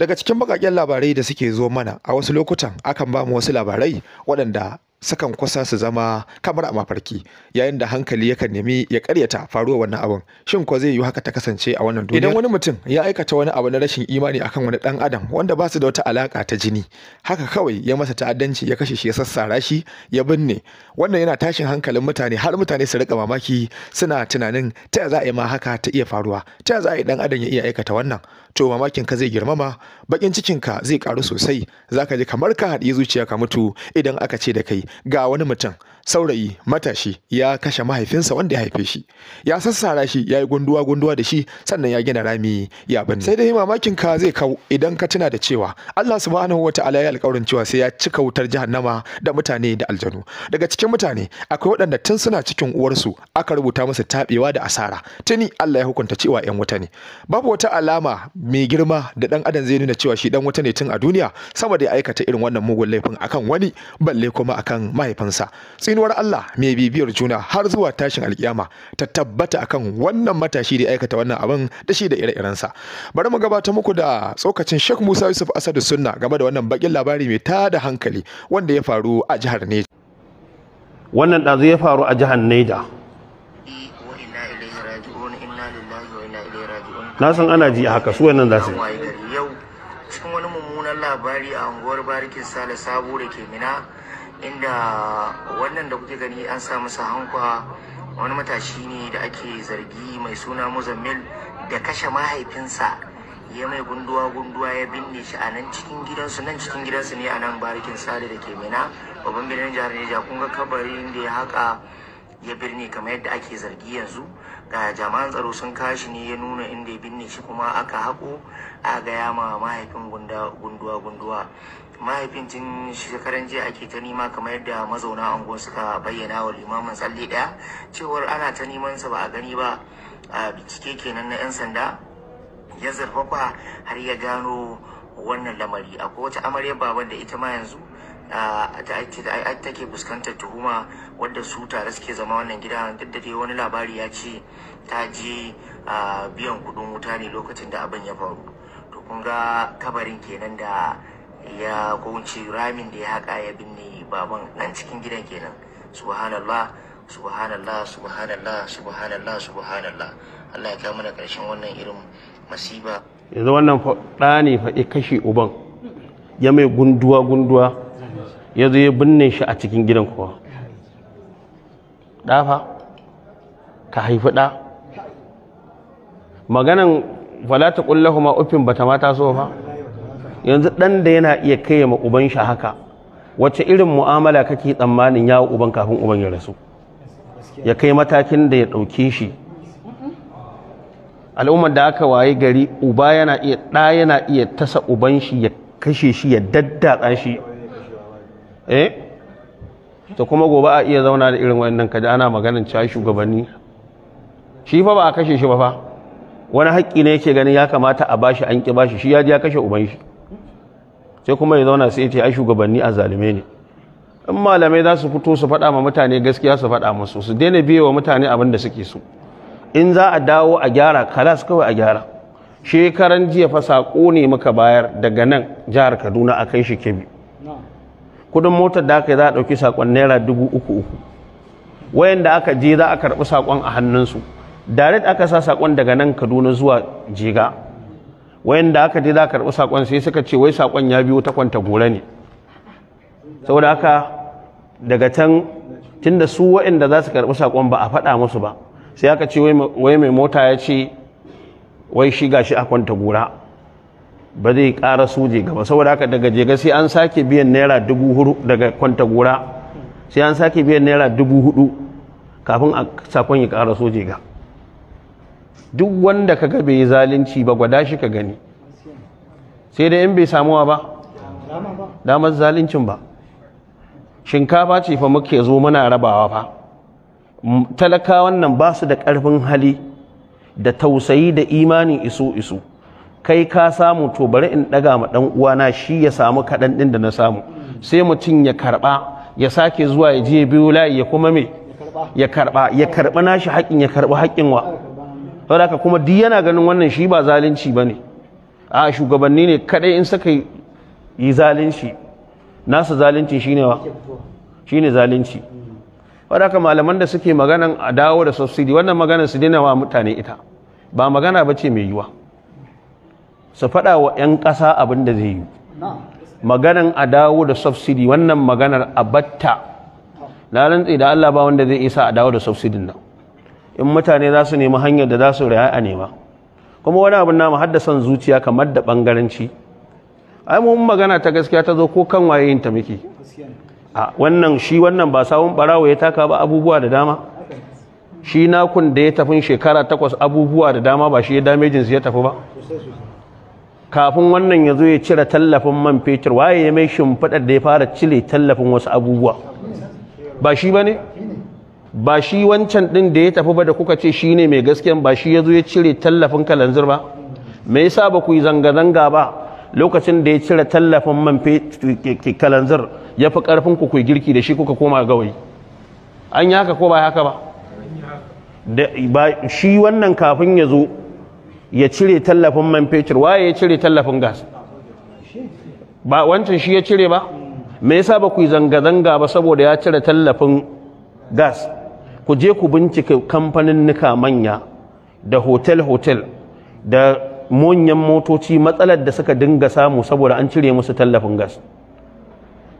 daga cikin bakaken labarai da suke zo mana a wasu lokutan akan ba mu wasu labarai waɗanda sukan kusa su zama kamar a mafarki yayin da hankali yakan nemi ya karyata faruwa wannan abin shin ko zai yi haka ta kasance a wannan duniya idan wani mutum ya aikata wani abu na rashin imani akan wani dan adam wanda ba su da wata alaka ta jini haka kawai ya masa ta'addanci ya kashe shi ya sassara shi ya binne wannan yana tashin hankalin mutane har mutane su rika mamaki suna tunanin ta za a yi ma haka ta iya faruwa ta za a yi dan adam ya iya aikata wannan to mamakin ka zai girmama bakin cikin ka zai karu sosai zaka ji kamar ka haɗi zuciya ka mutu idan aka ce da kai ga wani mutum saurayi matashi ya kashe mahaifinsa wanda ya haife shi ya sassara shi ya yi gunduwa gunduwa da shi sannan ya gina rami ya bani sai dai mamakin ka zai kawo idan ka tuna da cewa Allah subhanahu ta'ala ya alƙawarin cewa sai ya cika wutar jahannama da mutane da aljanu daga cikin mutane akwai waɗanda tun suna cikin uwarsu aka rubuta musu taɓewa da asara tuni Allah ya hukunta cewa ƴan wuta ne babu wata alama mai girma da ɗan adam zai nuna cewa shi ɗan wuta ne tun a duniya sama da ya aikata irin wannan mugun laifin akan wani balle kuma akan mahaifinsa tsino tsinuwar Allah mai bibiyar juna har zuwa tashin alkiyama ta tabbata akan wannan matashi da aikata wannan abin da shi da ire-irensa bari mu gabata muku da tsokacin Sheikh Musa Yusuf Asadu Sunna game da wannan bakin labari mai tada hankali wanda ya faru a jihar Neja wannan ɗazu ya faru a jihar Neja na san ana ji a haka su wannan za su yi cikin wani mummunan labari a unguwar barikin sale sabo da ke mina inda wannan da kuke gani an sa masa hankwa wani matashi ne da ake zargi mai suna muzammil da kashe mahaifinsa ya mai gunduwa gunduwa ya binne shi a nan cikin gidansu nan cikin gidansu ne a nan barikin sale da ke mina babban birnin jihar neja kun ga kabarin da ya haka ya birne kamar yadda ake zargi yanzu ga jama'an tsaro sun kashi ne ya nuna inda ya binne shi kuma aka haƙo a ga ma mahaifin gunduwa gunduwa mahaifin tun shekaran jiya ake ta nema kamar yadda mazauna unguwar suka bayyana wa limamin tsalle daya cewar ana ta neman sa ba a gani ba a bincike kenan na 'yan sanda ya zarfafa har ya gano wannan lamari akwai wata amaryar baban da ita ma yanzu a take fuskantar tuhuma wadda su tare suke zama wannan gida duk da dai wani labari ya ce ta je biyan kudin wuta ne lokacin da abin ya faru to kun ga kabarin kenan da ya kunci ramin da ya haƙa ya binne baban nan cikin gidan kenan subhanallah subhanallah subhanallah subhanallah subhanallah Allah ya kawo mana ƙarshen wannan irin masiba yanzu wannan faɗa ne fa kashe uban ya mai gunduwa gunduwa ya zo ya binne shi a cikin gidan kowa ɗafa ka haifi ɗa maganan falata ƙullahuma uffin bata mata so ba yanzu ɗan da yana iya kai ma uban shi haka wacce irin mu'amala kake tsammanin ya uban kafin uban ya rasu ya kai matakin da ya ɗauke shi al'ummar da aka waye gari uba yana iya ɗa yana iya tasa uban shi ya kashe shi ya daddatsa shi eh to kuma gobe a iya zauna da irin wannan kaji ana maganin cewa shugabanni shi fa ba a kashe shi ba fa wani haƙƙi ne yake ganin ya kamata a bashi an ƙi bashi shi ya ji ya kashe uban shi sai kuma ya zauna sai ya ce ai shugabanni a zalume ne in malamai za su fito su faɗa ma mutane gaskiya su faɗa musu su daina biye wa mutane abin da suke so in za a dawo a gyara kalas kawai a gyara shekaran jiya fa sako ne muka bayar daga nan jihar kaduna a kai shi kebi kudin motar da aka yi za a ɗauki sakon naira dubu uku uku wayanda aka je za a karɓi sakon a hannunsu direct aka sa sakon daga nan kaduna zuwa jiga wayanda aka je za karɓi saƙon sai suka ce wai saƙon ya biyo ta kwanta gora ne saboda haka daga can tunda su wayanda za su karɓi saƙon ba a faɗa musu ba sai aka ce wai mai mota ya ce wai shi shi a kwanta gora ba zai ƙara je gaba saboda haka daga jega sai an sake biyan naira dubu huɗu daga kwanta gora sai an sake biyan naira dubu hudu kafin a saƙon ya ƙara je gaba duk wanda kaga bai yi zalunci ba gwada shi ka gani sai da in bai samuwa ba damar zaluncin ba shinkafa ce fa muke zo muna rabawa fa talakawan nan ba su da karfin hali da tausayi da imanin iso iso kai ka samu to bari in daga ma ɗan uwana shi ya samu kaɗan ɗin da na samu sai mutum ya karɓa ya sake zuwa ya je biyu layi ya kuma me ya karɓa ya karɓa nashi haƙƙin ya karɓi haƙƙin wa saboda haka kuma duk yana ganin wannan shi ba zalunci ba ne. a shugabanni ne kadai in suka yi zalunci nasu zalunci shine wa ne zalunci saboda haka malaman da suke maganan a dawo da subsidy wannan maganar su dina wa mutane ita ba magana ba ce mai yiwa su faɗa wa 'yan ƙasa abin da zai yi maganan a dawo da subsidy wannan maganar a batta na rantsi da Allah ba wanda zai isa a dawo da subsidin nan in mutane za su nemi hanyar da za su raya a nema kuma wani abin namu haddasan zuciya kamar da bangaranci ai mun magana ta gaskiya ta zo ko kan waye yin ta miki a wannan shi wannan ba sawun barawo ya taka ba abubuwa da dama shi nakun da ya tafin shekara takwas abubuwa da dama ba shi ya damejin ya tafi ba kafin wannan ya zo ya cire tallafin man fetur waye ya mai shimfiɗar da ya fara cire tallafin wasu abubuwa ba shi ba ne ba shi wancan din da ya tafi ba da kuka ce shi ne mai gaskiyan ba shi ya zo ya cire tallafin kalanzir ba me yasa ba ku yi zanga-zanga ba lokacin da ya cire tallafin man kalanzir ya fi karfin ku kuyi girki da shi kuka koma gawai an yi haka ko ba haka ba ba shi wannan kafin ya zo ya cire tallafin man fetur waye ya cire tallafin gas ba wancan shi ya cire ba me yasa ba ku yi zanga-zanga ba saboda ya cire tallafin gas ku je ku bincika kamfanin nika manya da hotel-hotel da manyan motoci matsalar da suka dinga samu saboda an cire musu tallafin gas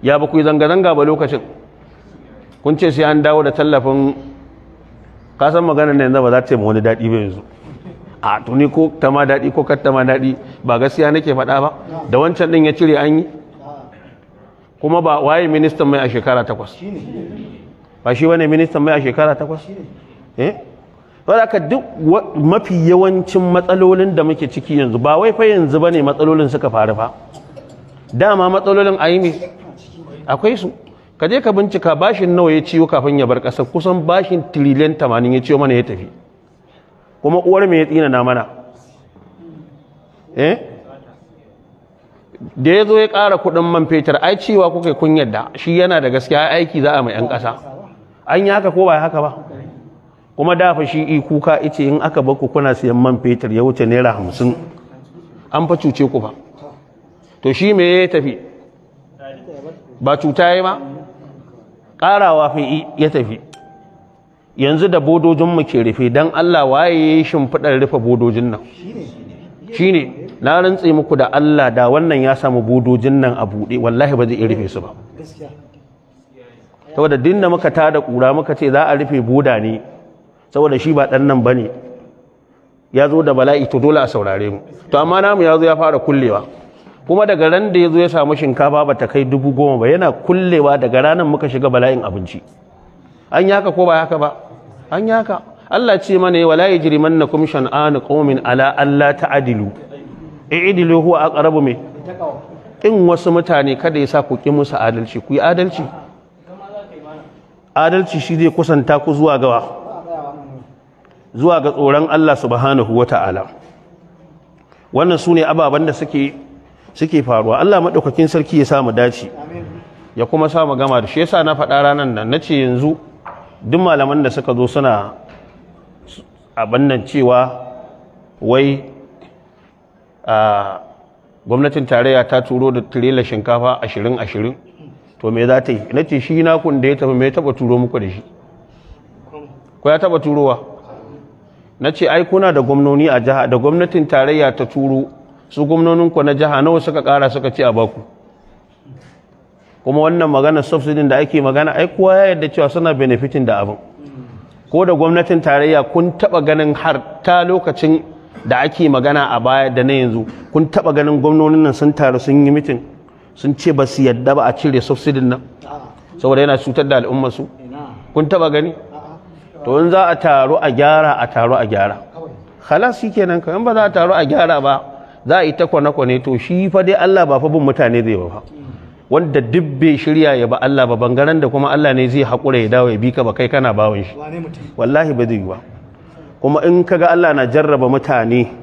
ya ba ku yi zanga-zanga ba lokacin kun ce sai an dawo da tallafin kasan magana na yanzu ba za ta yi wani daɗi ba yanzu a tuni ko ta ma daɗi ko kar ma daɗi ba gaskiya nake faɗa ba da wancan ɗin ya cire an yi kuma ba waye ministan mai a shekara takwas ba shi wane ministan mai a shekara takwas eh wadda eh? duk mafi yawancin matsalolin da muke ciki yanzu ba wai fa yanzu ba ne matsalolin suka faru fa dama matsalolin a yi akwai su ka je ka bincika bashin nawa ya ciwo kafin ya bar ƙasar kusan bashin tiriliyan tamanin ya ciwo mana ya tafi kuma uwar mai ya tsina na mana eh da ya zo ya ƙara kuɗin man fetur ai cewa kuka kun yadda shi yana da gaskiya aiki za a mai 'yan ƙasa an yi haka ko ba haka ba kuma dafa shi ikuka kuka ice in aka baku kuna siyan man fetur ya wuce naira hamsin an fa cuce ku ba to shi me ya tafi ba cuta ya ma ƙarawa fi ya tafi yanzu da bodojinmu ke rufe don Allah waye ya yi shimfiɗar rufe bodojin nan shine na rantse muku da Allah da wannan ya samu bodojin nan a buɗe wallahi ba zai iya rufe su ba saboda dinda muka tada kura muka ce za a rufe buda ne saboda shi ba dan nan bane ya zo da bala'i to dole a saurare mu to amma namu ya zo ya fara kullewa kuma daga ran da ya zo ya samu shinkafa ba ta kai dubu goma ba yana kullewa daga ranar muka shiga bala'in abinci an yaka ko ba haka ba an yaka Allah ce mana ya wala yajrimannakum shan'anu qaumin ala alla ta'dilu i'dilu huwa aqrabu min in wasu mutane kada ya sa ku ki musu adalci ku yi adalci adalci shi zai kusanta ku zuwa gawa zuwa ga tsoron Allah subhanahu wa ta'ala. wannan su ne ababen da suke faruwa Allah maɗaukakin sarki ya samu dace ya kuma samu gama da shi sa na faɗa ranar nan na ce yanzu duk malaman da suka zo suna a bannan cewa wai a gwamnatin tarayya ta turo da tirelar shinkafa ashirin ashirin to me za ta yi na ce shi nakun da ya tafi mai taba turo muku da shi ko ya taba turowa na ce ai kuna da gwamnoni a jiha da gwamnatin tarayya ta turo su gwamnoninku na jiha nawa suka kara suka ci a baku kuma wannan magana subsidin da ake magana ai kowa ya yadda cewa suna benefitin da abin ko da gwamnatin tarayya kun taba ganin har ta lokacin da ake magana a baya da na yanzu kun taba ganin gwamnonin nan sun taru sun yi mitin sun ce ba su yadda ba a cire subsidin nan saboda yana cutar da su. kun taba gani to in za a taro a gyara a taru a gyara halas shi kenan In ba za a taro a gyara ba za a yi ta kwane-kwane to shi fa dai Allah ba fa bin mutane zai ba wanda duk bai shirya ya ba Allah ba bangaren da kuma Allah ne zai haƙura ya dawo ya bi ka ba kai kana bawon shi wallahi ba zai yi ba kuma in kaga Allah na jarraba mutane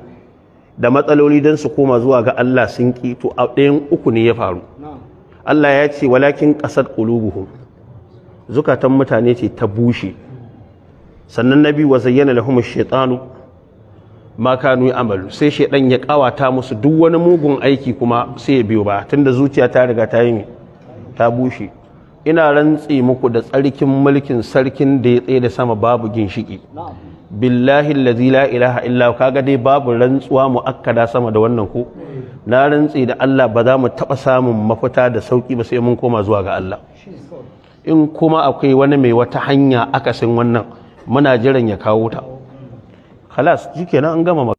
da matsaloli don su koma zuwa ga Allah sun ki to a ɗayan uku ne ya faru Allah ya ce walakin ƙasar ƙulubuhu zukatan mutane ce ta bushe sannan nabi wa zayyana lahum shaytanu ma kanu amalu sai shaidan ya kawata musu duk wani mugun aiki kuma sai ya biyo ba tunda zuciya ta riga ta yi ta bushe ina rantsi muku da tsarkin mulkin sarkin da ya tsaye da sama babu ginshiki billahi allazi la ilaha illa kaga dai babu rantsuwa mu akkada sama da wannan ku na rantsi da Allah ba za mu taba samun mafita da sauki ba sai mun koma zuwa ga Allah in kuma akwai wani mai wata hanya akasin wannan muna jiran ya kawo ta khalas shikenan an gama